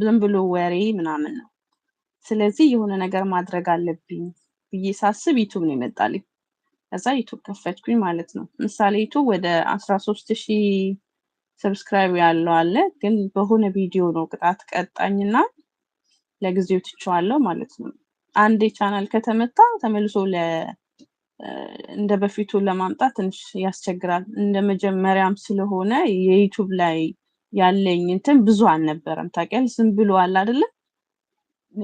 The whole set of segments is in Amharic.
ዝም ብሎ ወሬ ምናምን ነው። ስለዚህ የሆነ ነገር ማድረግ አለብኝ ብዬ ሳስብ ዩቱብ ነው ይመጣልኝ። ከዛ ዩቱብ ከፈትኩኝ ማለት ነው። ምሳሌ ዩቱብ ወደ አስራ ሶስት ሺህ ሰብስክራይብ ያለው አለ። ግን በሆነ ቪዲዮ ነው ቅጣት ቀጣኝና ለጊዜው ትችዋለው ማለት ነው። አንድ ቻናል ከተመታ ተመልሶ እንደ በፊቱ ለማምጣት ትንሽ ያስቸግራል። እንደ መጀመሪያም ስለሆነ የዩቱብ ላይ ያለኝ እንትን ብዙ አልነበረም። ታውቂያለሽ፣ ዝም ብሎ አለ አይደለም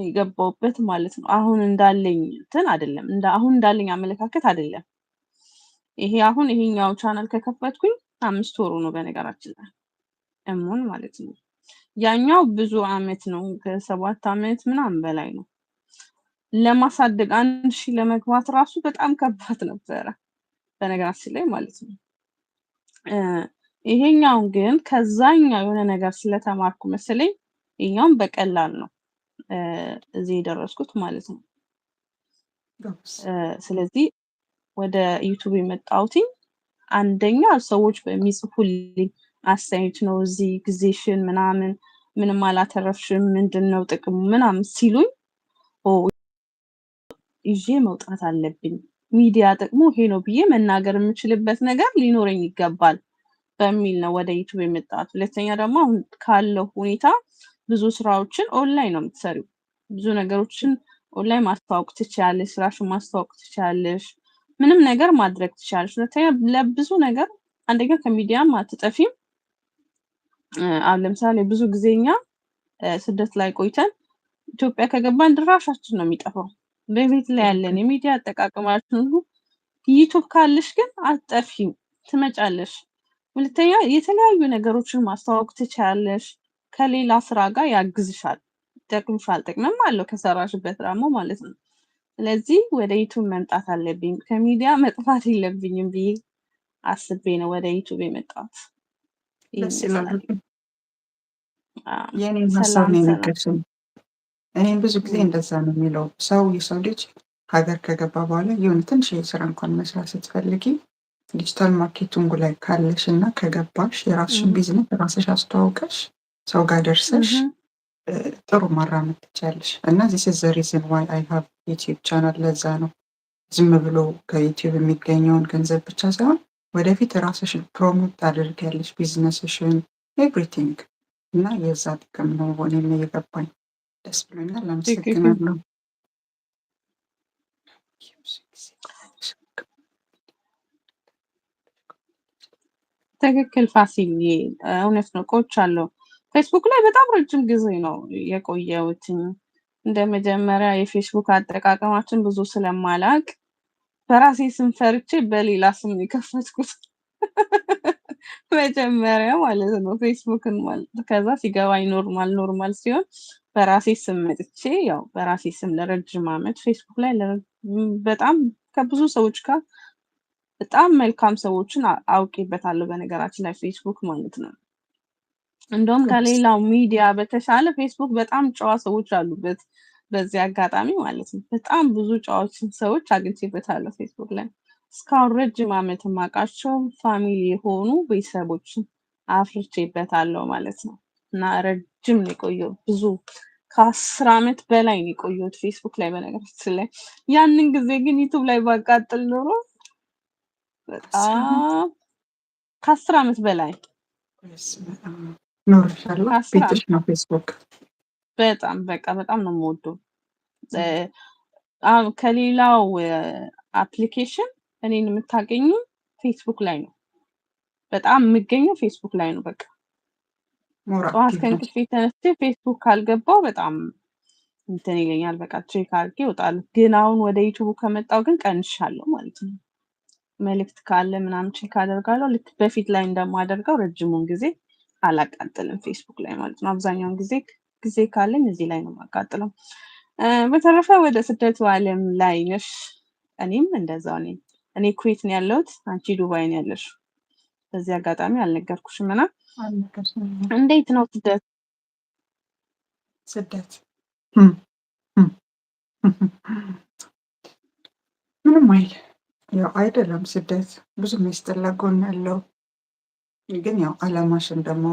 የገባውበት ማለት ነው። አሁን እንዳለኝ እንትን አይደለም፣ አሁን እንዳለኝ አመለካከት አይደለም። ይሄ አሁን ይሄኛው ቻናል ከከፈትኩኝ አምስት ወሩ ነው በነገራችን ላይ እሙን ማለት ነው። ያኛው ብዙ አመት ነው፣ ከሰባት አመት ምናምን በላይ ነው። ለማሳደግ አንድ ሺህ ለመግባት ራሱ በጣም ከባድ ነበረ በነገራችን ላይ ማለት ነው። ይሄኛውን ግን ከዛኛው የሆነ ነገር ስለተማርኩ መሰለኝ ይሄኛውን በቀላል ነው እዚህ የደረስኩት ማለት ነው። ስለዚህ ወደ ዩቱብ የመጣውትኝ አንደኛ ሰዎች በሚጽፉልኝ አስተያየት ነው። እዚህ ጊዜሽን ምናምን ምንም አላተረፍሽም፣ ምንድን ነው ጥቅሙ ምናምን ሲሉኝ ይዤ መውጣት አለብኝ። ሚዲያ ጥቅሙ ይሄ ነው ብዬ መናገር የምችልበት ነገር ሊኖረኝ ይገባል። በሚል ነው ወደ ዩቱብ የመጣት ሁለተኛ ደግሞ አሁን ካለው ሁኔታ ብዙ ስራዎችን ኦንላይን ነው የምትሰሪው። ብዙ ነገሮችን ኦንላይን ማስተዋወቅ ትችላለሽ፣ ስራሽን ማስተዋወቅ ትችላለሽ፣ ምንም ነገር ማድረግ ትችላለሽ። ሁለተኛ ለብዙ ነገር አንደኛ ከሚዲያም አትጠፊም። አሁን ለምሳሌ ብዙ ጊዜኛ ስደት ላይ ቆይተን ኢትዮጵያ ከገባን ድራሻችን ነው የሚጠፋው። በቤት ላይ ያለን የሚዲያ አጠቃቀማችን ሁሉ ዩቱብ ካለሽ ግን አትጠፊም፣ ትመጫለሽ ሁለተኛ የተለያዩ ነገሮችን ማስተዋወቅ ትችያለሽ። ከሌላ ስራ ጋር ያግዝሻል። ይጠቅምሻል ጥቅምም አለው ከሰራሽበት ደግሞ ማለት ነው። ስለዚህ ወደ ዩቱብ መምጣት አለብኝ ከሚዲያ መጥፋት የለብኝም ብዬ አስቤ ነው ወደ ዩቱብ የመጣት። የእኔም ሀሳብ ነው የነገርሽኝ። እኔም ብዙ ጊዜ እንደዛ ነው የሚለው ሰው የሰው ልጅ ሀገር ከገባ በኋላ የሆነ ትንሽ ስራ እንኳን መስራት ስትፈልጊ ዲጂታል ማርኬቲንጉ ላይ ካለሽ እና ከገባሽ የራስሽን ቢዝነስ ራስሽ አስተዋውቀሽ ሰው ጋር ደርሰሽ ጥሩ ማራመድ ትችያለሽ። እና ዚስ ዘ ሪዝን ዋይ አይ ሃቭ ዩቲዩብ ቻናል ለዛ ነው ዝም ብሎ ከዩቲዩብ የሚገኘውን ገንዘብ ብቻ ሳይሆን ወደፊት ራስሽን ፕሮሞት ታደርጊያለሽ ቢዝነስሽን ኤቭሪቲንግ እና የዛ ጥቅም ነው ሆኔ የገባኝ። ደስ ብሎኛል። አመሰግናለሁ። ትክክል ፋሲል፣ እውነት ነው። ቆይቻለሁ። ፌስቡክ ላይ በጣም ረጅም ጊዜ ነው የቆየሁት። እንደ መጀመሪያ የፌስቡክ አጠቃቀማችን ብዙ ስለማላቅ በራሴ ስም ፈርቼ በሌላ ስም የከፈትኩት መጀመሪያ ማለት ነው ፌስቡክን ማለት ከዛ ሲገባኝ ኖርማል ኖርማል ሲሆን በራሴ ስም መጥቼ ያው በራሴ ስም ለረጅም ዓመት ፌስቡክ ላይ በጣም ከብዙ ሰዎች ጋር በጣም መልካም ሰዎችን አውቄበታለሁ። በነገራችን ላይ ፌስቡክ ማለት ነው። እንደውም ከሌላው ሚዲያ በተሻለ ፌስቡክ በጣም ጨዋ ሰዎች አሉበት። በዚህ አጋጣሚ ማለት ነው በጣም ብዙ ጨዋዎችን ሰዎች አግኝቼበታለሁ ፌስቡክ ላይ እስካሁን ረጅም አመት ማቃቸው ፋሚሊ የሆኑ ቤተሰቦችን አፍርቼበታለሁ ማለት ነው። እና ረጅም ነው የቆየው ብዙ ከአስር አመት በላይ ነው የቆየሁት ፌስቡክ ላይ በነገራችን ላይ። ያንን ጊዜ ግን ዩቱብ ላይ ባቃጥል ኖሮ ከአስር ዓመት በላይ ቤትሽ ነው ፌስቡክ። በጣም በቃ በጣም ነው የምወደው። ከሌላው አፕሊኬሽን እኔን የምታገኙ ፌስቡክ ላይ ነው። በጣም የምገኘው ፌስቡክ ላይ ነው። በቃ ጠዋት ከእንቅልፌ ተነስቼ ፌስቡክ ካልገባው በጣም እንትን ይለኛል። በቃ አድርጌ እወጣለሁ። ግን አሁን ወደ ዩቱቡ ከመጣው ግን ቀንሻለሁ ማለት ነው። መልእክት ካለ ምናምን ቼክ አደርጋለሁ። ልክ በፊት ላይ እንደማደርገው ረጅሙን ጊዜ አላቃጥልም ፌስቡክ ላይ ማለት ነው። አብዛኛውን ጊዜ ጊዜ ካለኝ እዚህ ላይ ነው የማቃጥለው። በተረፈ ወደ ስደቱ ዓለም ላይ ነሽ፣ እኔም እንደዛው ነኝ። እኔ ኩዌት ነው ያለሁት፣ አንቺ ዱባይ ነው ያለሽ። በዚህ አጋጣሚ አልነገርኩሽም እና እንዴት ነው ስደት ስደት ምንም አይልም ያው አይደለም ስደት ብዙ ሚስጥር ለጎን ያለው ግን ያው አላማሽን ደግሞ